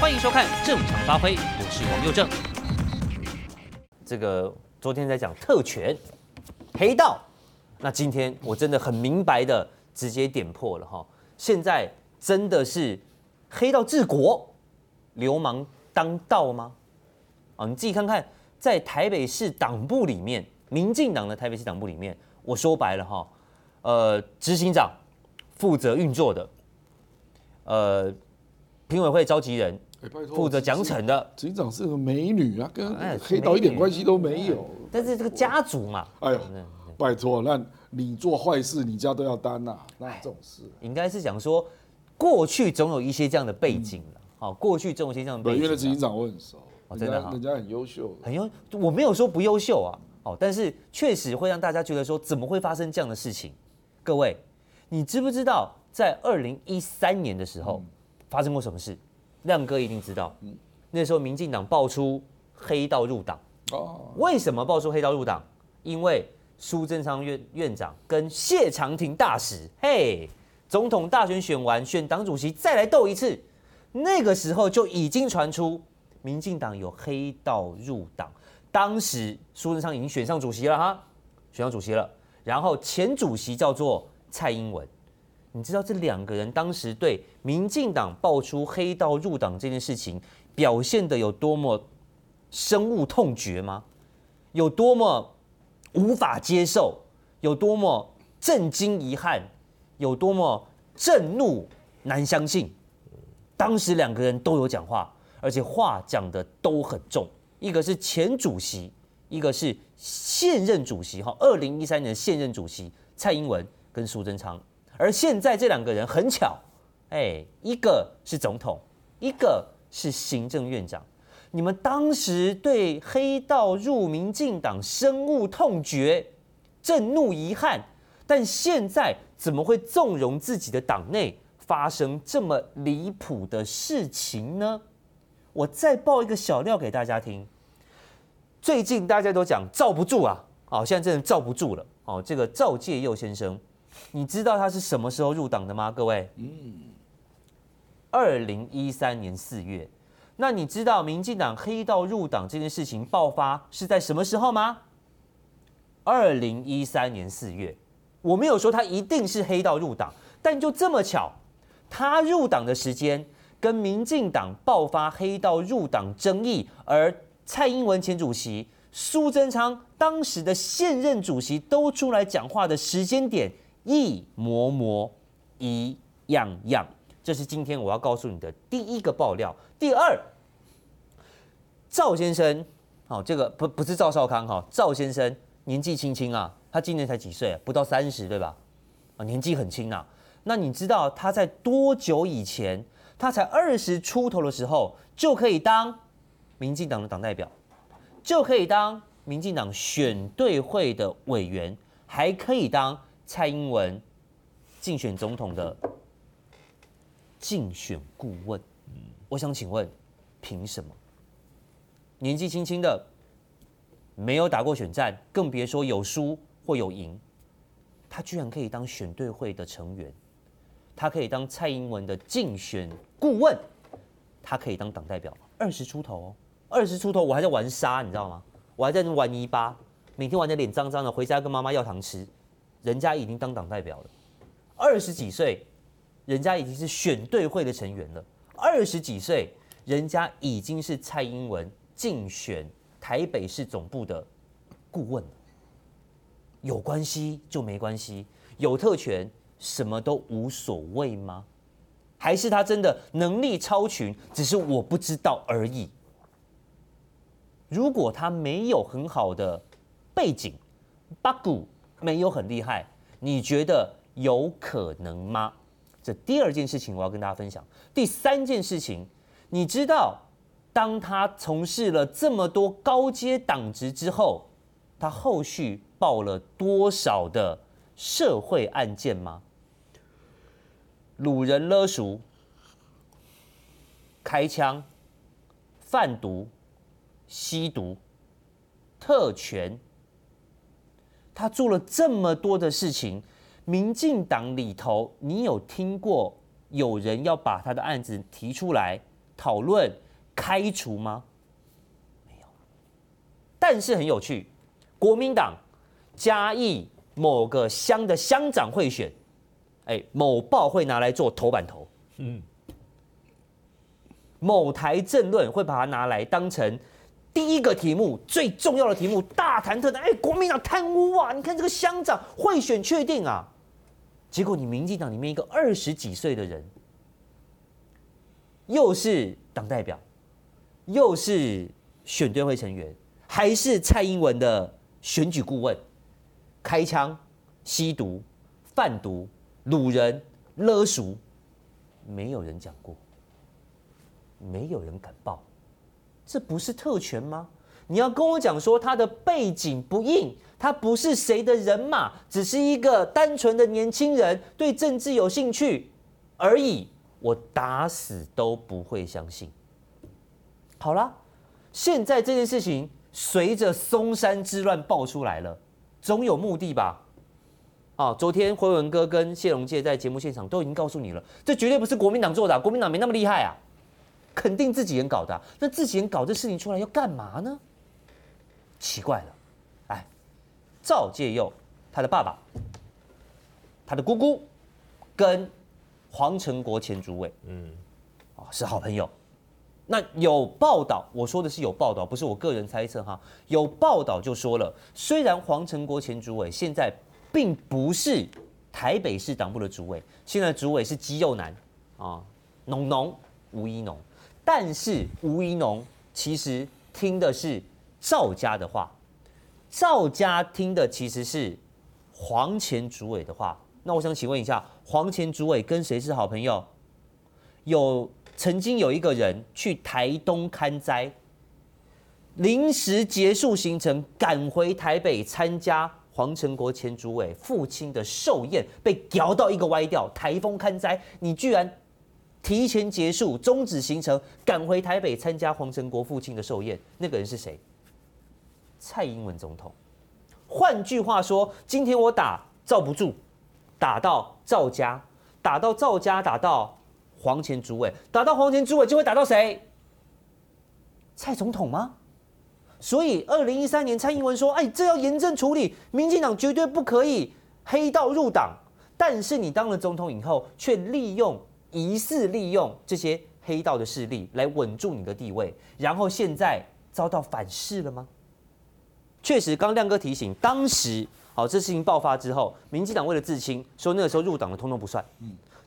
歡迎收看《正常發揮》，我是王又正。這個昨天在講特權、黑道，那今天我真的很明白的直接點破了哈。現在真的是黑道治國、流氓當道嗎？啊，你自己看看，在台北市黨部裡面，民進黨的台北市黨部裡面，我說白了哈，呃，執行長負責運作的，呃，評委會召集人。負、欸啊、責獎懲的警長是個美女啊，跟黑道一點關係都沒有。哎、是託但是這個家族嘛，哎呦拜託，那你做壞事，你家都要擔吶，那這種事、啊。應該是講說，過去總有一些這樣的背景好。嗯、過去總有一些這樣的背景。因院的執行長我很熟、哦，真的、哦，人，人家很優秀，很優，我沒有說不優秀啊。哦，但是確實會讓大家覺得說，怎麼會發生這樣的事情？各位，你知不知道，在二零一三年的時候發生過什麼事？嗯亮哥一定知道，那時候民進黨爆出黑道入黨哦。為什麼爆出黑道入黨？因為蘇貞昌院院長跟謝長廷大使，嘿，hey，總統大選選完，選黨主席再來鬥一次。那個時候就已經傳出民進黨有黑道入黨，當時蘇貞昌已經選上主席了哈，選上主席了，然後前主席叫做蔡英文。你知道這兩個人當時對民進黨爆出黑道入黨這件事情表現得有多麼深惡痛絕嗎？有多麼無法接受，有多麼震驚遺憾，有多麼震怒難相信？當時兩個人都有講話，而且話講得都很重。一個是前主席，一個是現任主席哈。2013年現任主席蔡英文跟蘇貞昌。而現在這兩個人很巧，哎，一個是總統，一個是行政院長。你們當時對黑道入民進黨深惡痛絕、震怒遺憾，但現在怎麼會縱容自己的黨內發生這麼離譜的事情呢？我再爆一個小料給大家聽。最近大家都講罩不住啊，哦，現在真的罩不住了哦，這個趙介佑先生。你知道他是什麼時候入黨的嗎？各位，嗯，二零一三年四月。那你知道民進黨黑道入黨這件事情爆發是在什麼時候嗎？二零一三年四月。我沒有說他一定是黑道入黨，但就這麼巧，他入黨的時間跟民進黨爆發黑道入黨爭議，而蔡英文前主席、蘇貞昌當時的現任主席都出來講話的時間點。一模模，一樣樣，這是今天我要告訴你的第一個爆料。第二，趙先生，哦，這個不不是趙少康哈，趙先生年紀輕輕啊，他今年才幾歲？不到三十，對吧？啊，年紀很輕啊。那你知道他在多久以前？他才二十出頭的時候就可以當民進黨的黨代表，就可以當民進黨選對會的委員，還可以當蔡英文競選總統的競選顧問，我想請問，憑什麼年紀輕輕的沒有打過選戰，更別說有輸或有贏，他居然可以當選對會的成員，他可以當蔡英文的競選顧問，他可以當黨代表。二十出頭哦，二十出頭，我還在玩沙，你知道嗎？我還在玩泥巴，每天玩得臉髒髒的，回家跟媽媽要糖吃。人家已經當黨代表了，二十幾歲，人家已經是選對會的成員了，二十幾歲，人家已經是蔡英文競選台北市總部的顧問了。有關係就沒關係，有特權什麼都無所謂嗎？還是他真的能力超群，只是我不知道而已？如果他沒有很好的背景，八股。沒有很厲害，你覺得有可能嗎？這第二件事情我要跟大家分享。第三件事情，你知道當他從事了這麼多高階黨職之後，他後續報了多少的社會案件嗎？擄人勒贖、開槍、販毒、吸毒、特權。他做了這麼多的事情，民進黨裡頭，你有聽過有人要把他的案子提出來討論開除嗎？沒有。但是很有趣，國民黨嘉義某個鄉的鄉長賄選，哎、欸，某報會拿來做頭版頭，嗯，某台政論會把它拿來當成。第一個題目最重要的題目，大談特談，哎、欸，國民黨貪污啊！你看這個鄉長賄選確定啊，結果你民進黨裡面一個二十幾歲的人，又是黨代表，又是選對會成員，還是蔡英文的選舉顧問，開槍、吸毒、販毒、擄人、勒贖，沒有人講過，沒有人敢報。這不是特權嗎？你要跟我講說他的背景不硬，他不是誰的人馬，只是一個單純的年輕人對政治有興趣而已，我打死都不會相信。好了，現在這件事情隨着松山之亂爆出來了，總有目的吧？啊，昨天輝文哥跟謝龍介在節目現場都已經告訴你了，這絕對不是國民黨做的啊，國民黨沒那麼厲害啊。肯定自己人搞的、啊，那自己人搞這事情出來要幹嘛呢？奇怪了，哎，趙介佑他的爸爸、他的姑姑，跟黃承國前主委，嗯，啊是好朋友。那有報道，我說的是有報道，不是我個人猜測哈。有報道就說了，雖然黃承國前主委現在並不是台北市黨部的主委，現在的主委是肌肉男啊，農農吳怡農。但是吳怡農其實聽的是趙家的話，趙家聽的其實是黃前主委的話。那我想請問一下，黃前主委跟誰是好朋友？有曾經有一個人去台東看災，臨時結束行程，趕回台北參加黃承國前主委父親的壽宴，被釣到一個歪掉。颱風看災，你居然。提前結束，終止行程，趕回台北參加黃承國父親的壽宴。那個人是誰？蔡英文總統。換句話說，今天我打罩不住，打到趙家，打到趙家，打到黃前主委，打到黃前主委，就會打到誰？蔡總統嗎？所以，二零一三年蔡英文說：“哎、欸，這要嚴正處理，民進黨絕對不可以黑道入黨。”但是你當了總統以後，卻利用。疑似利用這些黑道的勢力來穩住你的地位，然後現在遭到反噬了嗎？確實，剛亮哥提醒，當時好，這事情爆發之後，民進黨為了自清，說那個時候入黨的通通不算。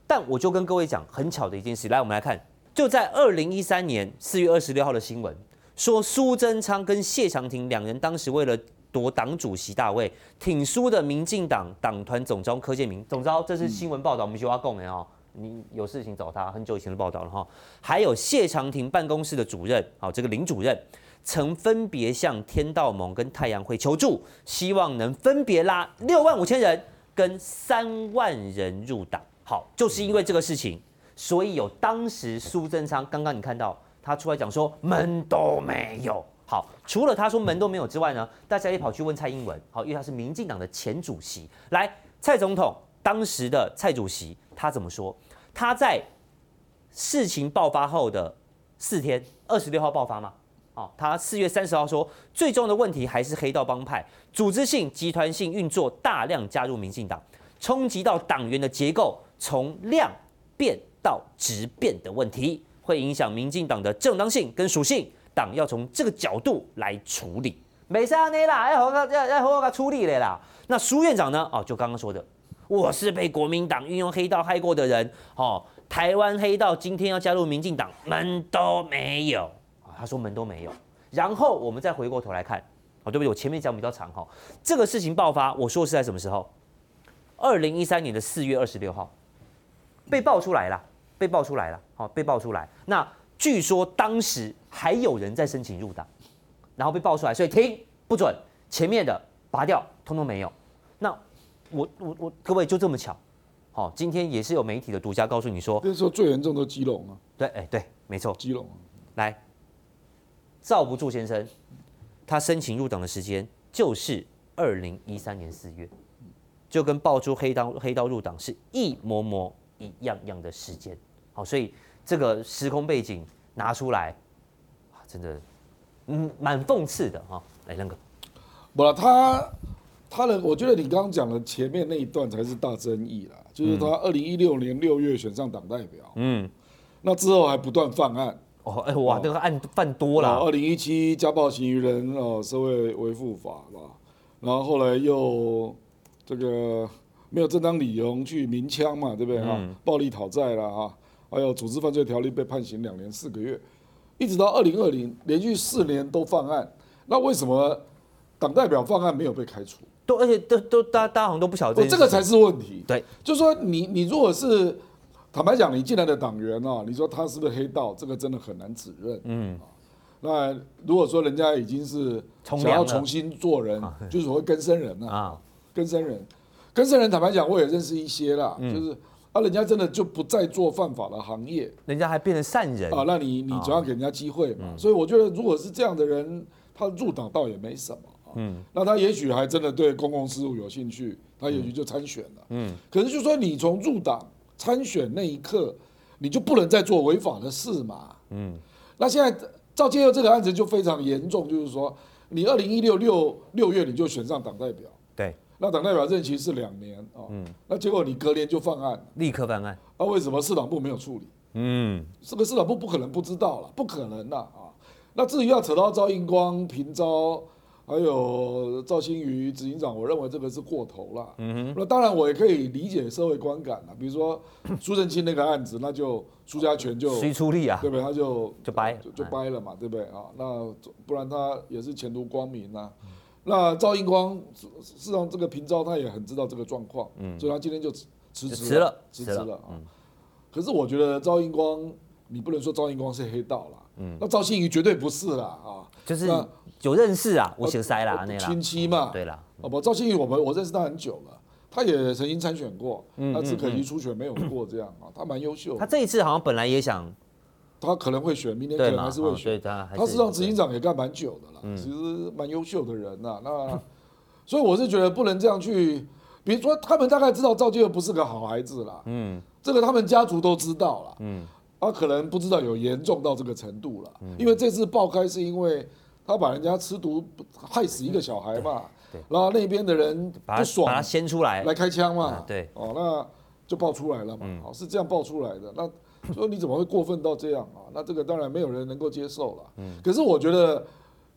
但我就跟各位講很巧的一件事，來，我們來看，就在二零一三年四月二十六號的新聞，說蘇貞昌跟謝長廷兩人當時為了奪黨主席大位，挺蘇的民進黨黨團總召柯建銘。總召，這是新聞報道，我們就要供人哦。你有事情找他，很久以前的報道了哈。還有謝長廷辦公室的主任，好，這個林主任曾分別向天道盟跟太陽會求助，希望能分別拉六萬五千人跟三萬人入黨。好，就是因為這個事情，所以有當時蘇貞昌，剛剛你看到他出來講說，門都沒有。好，除了他說門都沒有之外呢，大家也跑去問蔡英文，好，因為他是民進黨的前主席。來，蔡總統當時的蔡主席。他怎麼說？他在事情爆發後的四天，二十六號爆發嗎？哦，他四月三十號說，最重要的問題還是黑道幫派組織性、集團性運作，大量加入民進黨，衝擊到黨員的結構，從量變到質變的問題，會影響民進黨的正當性跟屬性，黨要從這個角度來處理。沒事啦，要和我、要要和我處理的啦。那蘇院長呢？哦，就剛剛說的。我是被國民黨運用黑道害過的人，哦，臺灣黑道今天要加入民進黨，門都沒有啊！他說門都沒有。然後我們再回過頭來看，哦，對不對？我前面講比較長哈。這個事情爆發，我說的是在什麼時候？二零一三年的四月二十六號被爆出來了，被爆出來了，好，被爆出來。那據說當時還有人在申請入黨，然後被爆出來，所以停不准前面的，拔掉，通通沒有。那。我我我，各位就這麼巧，好，今天也是有媒體的獨家告訴你說，那時候最嚴重的基隆啊對、欸，對，哎對，沒錯、啊，基隆，來，趙不住先生，他申請入黨的時間就是二零一三年四月，就跟爆出黑道黑道入黨是一模模一樣樣，樣的時間，好，所以這個時空背景拿出來，真的，嗯，蠻諷刺的哈，來，那個，不，他。他呢，我覺得你剛剛講的前面那一段才是大爭議啦，就是他二零一六年六月選上黨代表，嗯，那之後還不斷犯案哦，哎哇，這個案犯多了，二零一七家暴行為人哦，社會維護法吧，然後後來又這個沒有正當理由去鳴槍嘛，對不對啊？嗯、暴力討債了啊，還有組織犯罪條例被判刑兩年四個月，一直到二零二零連續四年都犯案，那為什麼？黨代表方案沒有被開除。對，都，而且都都大家大家好像都不曉得、哦，我這個才是問題。對，就是說你你如果是坦白講，你進來的黨員啊、哦，你說他是不是黑道？這個真的很難指認。嗯，那、啊、如果說人家已經是想要重新做人，就是所謂更生人啊，更、啊、生人，更生人。坦白講，我也認識一些啦，嗯、就是啊，人家真的就不再做犯法的行業，人家還變成善人啊。那你你總要給人家機會嘛。嗯、所以我覺得，如果是這樣的人，他入黨倒也沒什麼。嗯，那他也許還真的對公共事務有興趣，嗯、他也許就參選了。嗯，可是就是說你從入黨參選那一刻，你就不能再做違法的事嘛。嗯，那現在趙介佑這個案子就非常嚴重，就是說你二零一六六六月你就選上黨代表，對，那黨代表任期是兩年啊。哦、嗯，那結果你隔年就犯案，立刻犯案。那、啊、為什麼市黨部沒有處理？嗯，這個市黨部不可能不知道了，不可能啊、哦。那至於要扯到趙映光平招。還有趙介佑執行長，我認為這個是過頭了。嗯哼，那當然我也可以理解社會觀感啊，比如說蘇震清那個案子，那就蘇嘉全就誰、嗯、出力啊？對不對？他就，就掰就，就掰了嘛，嗯、對不對啊？那不然他也是前途光明啊。嗯、那趙映光，事實上這個平昭他也很知道這個狀況，嗯、所以他今天就辭職了，辭職了啊。可是我覺得趙映光，你不能說趙映光是黑道了，嗯，那趙介佑絕對不是了啊。就是有認識啊，我姓塞啦，那樣親戚嘛，對啦。哦，不，趙建宇，我們我認識他很久了，他也曾經參選過，他只可惜初選沒有過這樣啊，他蠻優秀。他這一次好像本來也想，他可能會選，明年可能還是會選。他實際上執行長也幹蠻久的啦，其實蠻優秀的人吶。那所以我是覺得不能這樣去，比如說他們大概知道趙介佑不是個好孩子啦，嗯，這個他們家族都知道啦。嗯。他可能不知道有嚴重到這個程度了，因為這次爆開是因為他把人家吃毒害死一個小孩嘛，對，然後那邊的人不爽，把他掀出來來開槍嘛，對，哦，那就爆出來了嘛，哦，是這樣爆出來的。那說你怎麼會過分到這樣啊？那這個當然沒有人能夠接受了，嗯，可是我覺得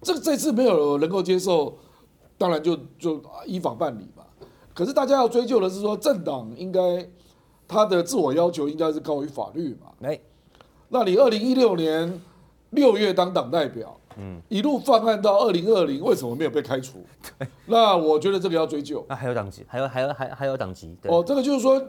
這這次沒有能夠接受，當然就就依法辦理嘛。可是大家要追究的是說政黨應該他的自我要求應該是高於法律嘛，那你二零一六年六月當黨代表，嗯，一路犯案到二零二零，為什麼沒有被開除？對那我覺得這個要追究。那、啊、還有黨籍，還有還有還還有黨籍。哦，這個就是說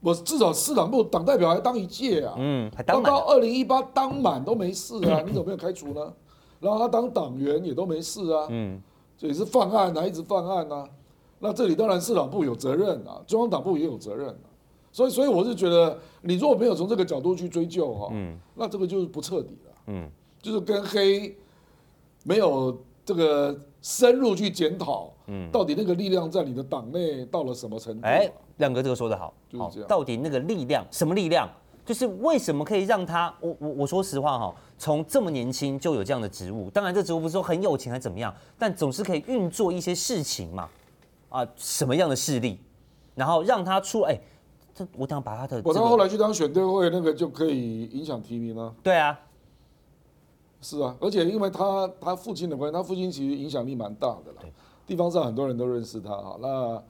我至少市黨部黨代表還當一屆啊，嗯，還當到到二零一八當滿都沒事啊，你怎麼沒有開除呢？然後他當黨員也都沒事啊，嗯，所以是犯案啊，一直犯案啊。那這裡當然市黨部有責任啊，中央黨部也有責任啊。所以，所以我是覺得，你如果沒有從這個角度去追究哈、啊，嗯，那這個就是不徹底了，嗯，就是跟黑沒有這個深入去檢討，嗯，到底那個力量在你的黨內到了什麼程度啊？哎，亮哥這個說得好，就是這樣好。到底那個力量什麼力量？就是為什麼可以讓他？我我我說實話哈、哦，從這麼年輕就有這樣的職務，當然這職務不是說很有錢還怎麼樣，但總是可以運作一些事情嘛，啊，什麼樣的勢力，然後讓他出哎。我想把他的、這個，我他後來去當選隊會那個就可以影響提名嗎？對啊，是啊，而且因為他他父親的關係，他父親其實影響力蠻大的啦，對地方上很多人都認識他哈。那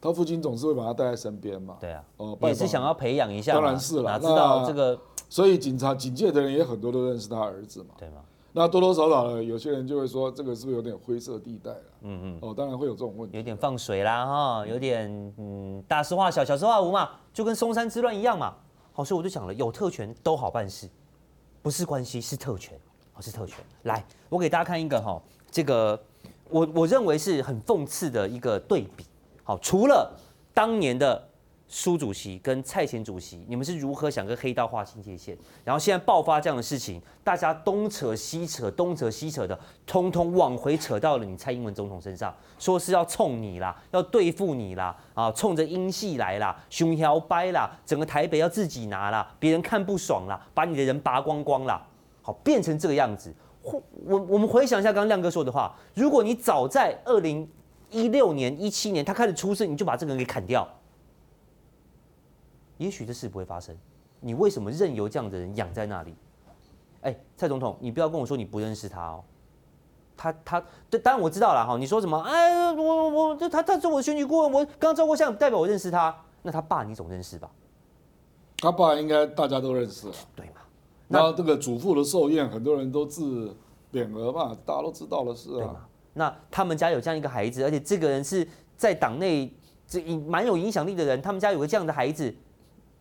他父親總是會把他帶在身邊嘛。對啊，哦、呃，也是想要培養一下。當然是了、啊，哪知道這個？所以警察警界的人也很多都認識他兒子嘛。對嘛吧？那多多少少的有些人就會說，這個是不是有點灰色地帶？嗯嗯。哦，當然會有這種問題，有點放水啦哈，有點嗯，大事化小，小事化無嘛。就跟嵩山之亂一樣嘛，好，所以我就想了，有特權都好辦事，不是關係，是特權，好是特權。來，我給大家看一個哈、喔，這個我我認為是很諷刺的一個對比。好，除了當年的。蘇主席跟蔡前主席，你們是如何想跟黑道劃清界線？然後現在爆發這樣的事情，大家東扯西扯，東扯西扯的，通通往回扯到了你蔡英文總統身上，說是要衝你啦，要對付你啦，啊，衝着英系來啦，胸腰掰啦，整個台北要自己拿啦，別人看不爽啦，把你的人拔光光啦，好，變成這個樣子。我我們回想一下剛剛亮哥說的話，如果你早在二零一六年、一七年他開始出事，你就把這個人給砍掉。也許這事不會發生，你為什麼任由這樣的人養在那裡？哎、欸，蔡總統，你不要跟我說你不認識他哦。他他，當然我知道了哈。你說什麼？哎、欸，我我這他他是我的選舉顧問，我剛照過相，不代表我認識他。那他爸你總認識吧？他爸應該大家都認識。對嘛？那然後這個祖父的壽宴，很多人都字匾額嘛，大家都知道了是、啊，是對嘛？那他們家有這樣一個孩子，而且這個人是在黨內這蠻有影響力的人，他們家有個這樣的孩子。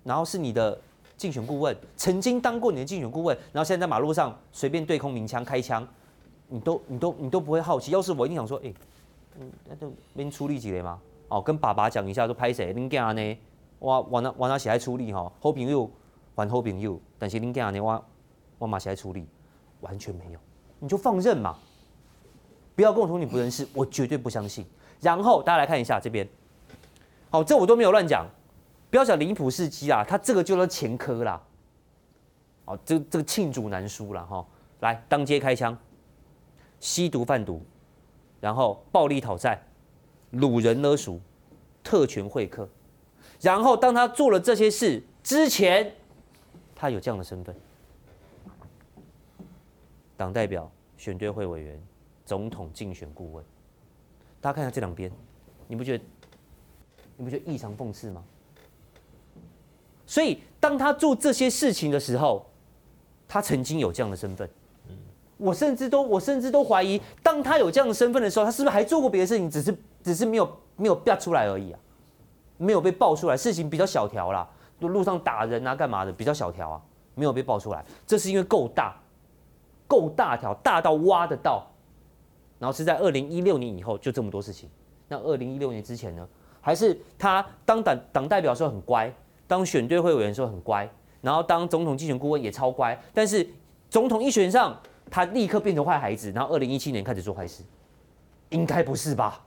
然後是你的競選顧問，曾經當過你的競選顧問，然後現在在馬路上隨便對空鳴槍開槍，你都你都你都不會好奇。要是我一定想說，哎、欸，嗯，那這您出力幾個嘛？哦，跟爸爸講一下，都拍誰？你兒子這樣？我我那我那誰還出力哈？後邊又還後邊又，但是你兒子這樣？我我馬誰還出力？完全沒有，你就放任嘛，不要跟我說你不認識，我絕對不相信。然後大家來看一下這邊，好、哦，這我都沒有亂講。不要想林普斯基啊，他這個就算前科啦。哦，這個、這個罄竹難書了哈。來，當街開槍，吸毒販毒，然後暴力討債，擄人勒贖，特權會客，然後當他做了這些事之前，他有這樣的身份：黨代表、選對會委員、總統競選顧問。大家看一下這兩邊，你不覺得你不覺得異常諷刺嗎？所以，當他做這些事情的時候，他曾經有這樣的身份。嗯，我甚至都，我甚至都懷疑，當他有這樣的身份的時候，他是不是還做過別的事情？只是，只是沒有沒有曝出來而已啊，沒有被爆出來，事情比較小條啦，路上打人啊，幹嘛的，比較小條啊，沒有被爆出來，這是因為夠大，夠大條，大到挖得到。然後是在二零一六年以後，就這麼多事情。那二零一六年之前呢？還是他當黨黨代表的時候很乖？當選隊會委員的時候很乖，然後當總統競選顧問也超乖，但是總統一選上，他立刻變成壞孩子，然後二零一七年開始做壞事，應該不是吧？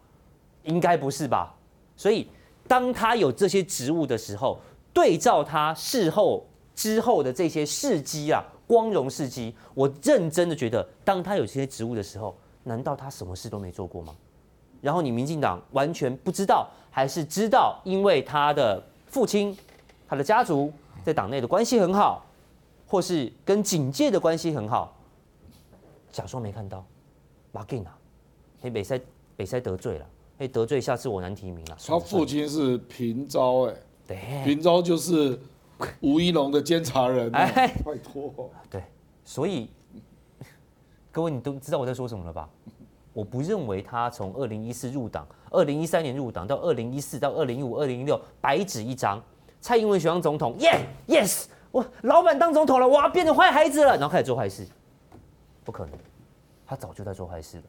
應該不是吧？所以當他有這些職務的時候，對照他事後之後的這些事蹟啊，光榮事蹟，我認真的覺得，當他有這些職務的時候，難道他什麼事都沒做過嗎？然後你民進黨完全不知道，還是知道？因為他的父親。他的家族在黨內的關係很好，或是跟警界的關係很好。假裝沒看到，馬建啊，被美塞美塞得罪了，被得罪，下次我難提名算了，算了。他父親是平昭、欸，哎對，平昭就是吳一龍的監察人、啊。哎唉，拜托託。對，所以各位，你都知道我在說什麼了吧？我不認為他從二零一四入黨，二零一三年入黨到二零一四到二零一五、二零一六，白紙一張。蔡英文選上總統、yeah,，耶，yes，我老板當總統了，我要變成壞孩子了，然後開始做壞事，不可能，他早就在做壞事了。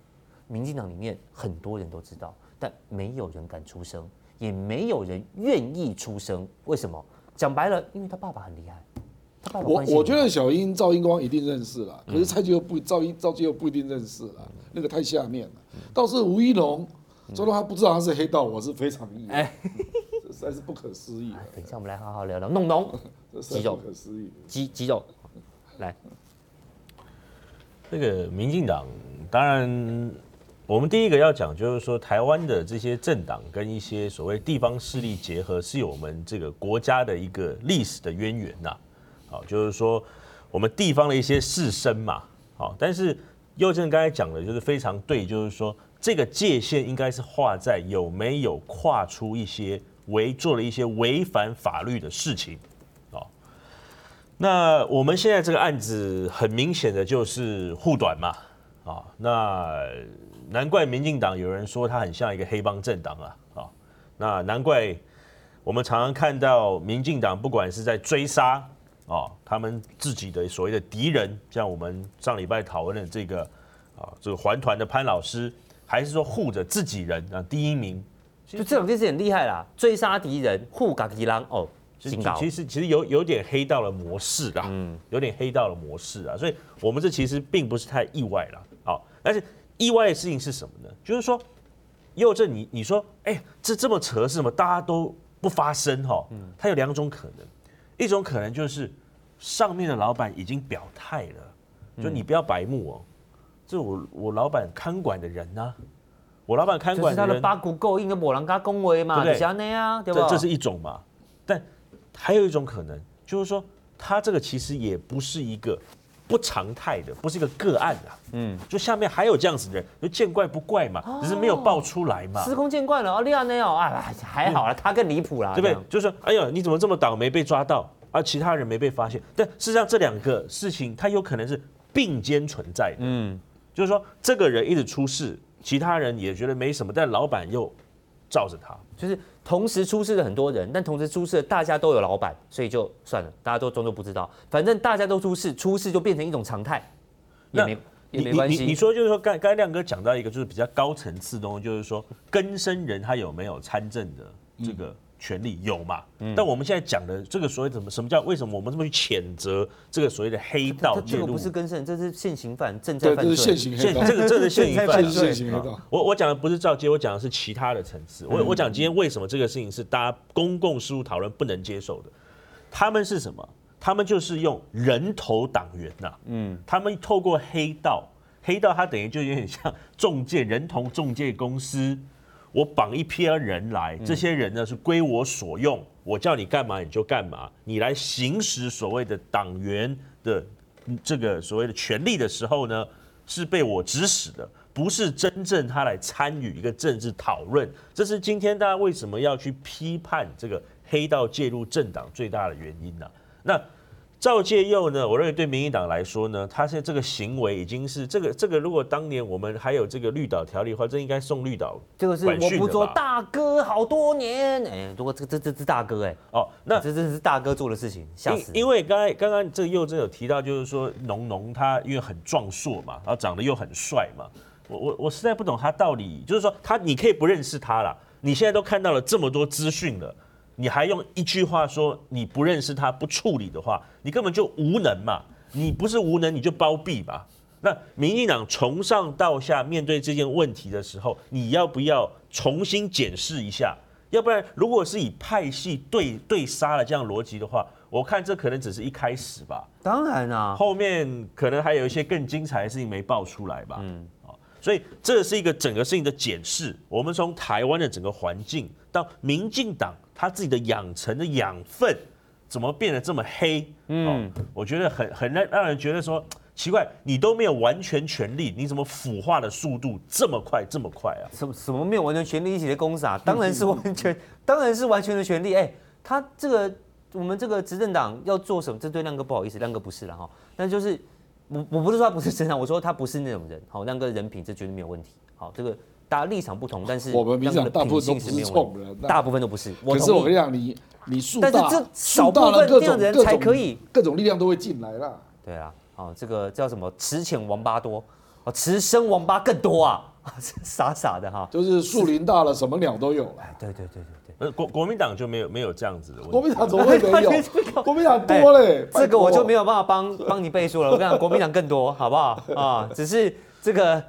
民進黨裡面很多人都知道，但沒有人敢出聲，也沒有人願意出聲。為什麼？講白了，因為他爸爸很厲害。爸爸我我覺得小英趙英光一定認識了，可是蔡介佑不趙英趙介佑不一定認識了，那個太下面了。倒是吳一龍，說到他不知道他是黑道，我是非常意外。欸 實在是不可思議，啊！等一下，我們來好好聊聊。弄懂幾種，幾幾種來。這個民進黨，當然，我們第一個要講，就是說台灣的這些政黨跟一些所謂地方勢力結合，是有我們這個國家的一個歷史的淵源吶。好，就是說我們地方的一些士紳嘛。好，但是又正剛才講的就是非常對，就是說這個界限應該是劃在有沒有跨出一些。違做了一些違反法律的事情，啊，那我們現在這個案子很明顯的就是護短嘛，啊，那難怪民進黨有人說他很像一個黑幫政黨啊，啊，那難怪我們常常看到民進黨不管是在追殺啊他們自己的所謂的敵人，像我們上禮拜討論的這個啊這個環團的潘老師，還是說護着自己人啊，第一名。就這種電視很厲害啦，追殺敵人，護嘎吉郎哦，其實其實有有點黑道的模式啦，嗯，有點黑道的模式啊，所以我們這其實並不是太意外了，好，但是意外的事情是什麼呢？就是說，又正你你說，哎，這這麼扯是什麼？大家都不發聲哈，嗯，他有兩種可能，一種可能就是上面的老闆已經表態了，就你不要白目哦、喔，這我我老闆看管的人呢、啊。我老闆看管是他的八股夠硬，我人家恭維嘛，李亞內啊，對吧？對，這是一種嘛，但還有一種可能，就是說他這個其實也不是一個不常態的，不是一個個案啊。嗯，就下面還有這樣子的人，就見怪不怪嘛，哦、只是沒有爆出來嘛，司空見慣了。哦、啊，李亞內哦，啊，還好啦，他、嗯、更離譜啦，對不對？這樣，就是說，哎呀，你怎麼這麼倒霉被抓到，而、啊、其他人沒被發現？但事實上這兩個事情，他有可能是併肩存在的。嗯，就是說這個人一直出事。其他人也覺得沒什麼，但老闆又罩着他，就是同時出事的很多人，但同時出事的大家都有老闆，所以就算了，大家都裝作不知道。反正大家都出事，出事就變成一種常態，也沒也沒關係，那你你你，你說就是說，剛剛亮哥講到一個就是比較高層次的東西，就是說更生人他有沒有參政的這個。嗯權力有嘛？但我們現在講的這個所謂怎麼什麼叫為什麼我們這麼去譴責這個所謂的黑道？這個不是更生，這是現行犯正在犯罪，這是現行黑道。這這個這是現行犯，這是現行黑道。我我講的不是趙介，我講的是其他的層次。我我講今天為什麼這個事情是大家公共事務討論不能接受的？他們是什麼？他們就是用人頭黨員吶、啊。嗯，他們透過黑道，黑道它等於就有點像仲介，人頭仲介公司。我綁一批人來，這些人呢是歸我所用，我叫你幹嘛你就幹嘛。你來行使所謂的黨員的這個所謂的權利的時候呢，是被我指使的，不是真正他來參與一個政治討論。這是今天大家為什麼要去批判這個黑道介入政黨最大的原因呢、啊？那。趙介佑呢？我認為對民進黨來說呢，他現在這個行為已經是這個這個。這個、如果當年我們還有這個綠島條例的話，這應該送綠島，這個是我不做大哥好多年。哎、欸，不過這個這這是大哥哎、欸、哦，那這這是大哥做的事情，嚇死。因為剛才剛剛這個又正有提到，就是說，農農他因為很壯碩嘛，然後長得又很帥嘛，我我我實在不懂他到底就是說，他你可以不認識他啦，你現在都看到了這麼多資訊了。你還用一句話說你不認識他，不處理的話，你根本就無能嘛？你不是無能，你就包庇吧。那民進黨從上到下面對這件問題的時候，你要不要重新檢視一下？要不然，如果是以派系對對殺了這樣邏輯的話，我看這可能只是一開始吧。當然啊，後面可能還有一些更精彩的事情沒爆出來吧。嗯。所以這是一個整個事情的檢視。我們從台灣的整個環境到民進黨他自己的養成的養分，怎麼變得這麼黑？嗯，我覺得很很讓讓人覺得說奇怪，你都沒有完全權力，你怎麼腐化的速度這麼快這麼快啊什麼？什什麼沒有完全權力一起的攻殺？當然是完全，當然是完全的權力。誒、哎，他這個我們這個執政黨要做什麼？這對亮哥不好意思，亮、那、哥、個、不是了哈，那就是。我我不是說他不是身上，我說他不是那種人，好、哦，那個人品是絕對沒有問題。好、哦，這個大家立場不同，但是我們立場大部分都是沒有問題，大部，那大部分都不是。可是我跟你講，你數，但是這少部分這樣人才可以，各種力量都會進來了。對啊，好、哦，這個叫什麼？池淺王八多，啊、哦，池深王八更多啊。傻傻的哈，就是樹林大了，什麼鳥都有了。對對對對對，國國民黨就沒有沒有這樣子的，國民黨怎麼會沒有？ 國民黨多嘞，欸，這個我就沒有辦法幫幫是你背書了。我跟你講，國民黨更多，好不好？啊，只是這個，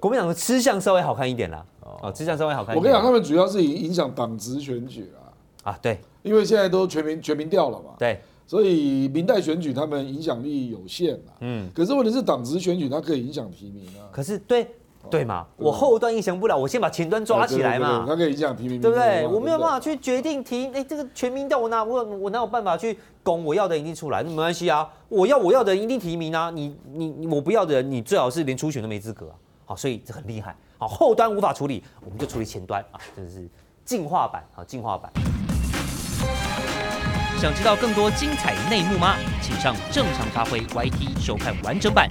國民黨的吃相稍微好看一點啦。哦，吃相稍微好看一點。我跟你講，他們主要是影影響黨職選舉啊。啊，對，因為現在都全民全民調了嘛。對，所以民代選舉他們影響力有限。嗯，可是問題是黨職選舉，它可以影響提名啊。可是對。對嘛，對我後端影響不了，我先把前端抓起來嘛，它可以這樣提名，提名對不對？我沒有辦法去決定提，哎，這個全民調我哪我我哪有辦法去拱我要的一定出來，那沒關係啊，我要我要的一定提名啊，你你我不要的人你最好是連初選都沒資格、啊、好，所以這很厲害，好後端無法處理，我們就處理前端啊，真、就、的是進化版啊，進化版。想知道更多精彩內幕嗎？請上正常發揮 YT 收看完整版。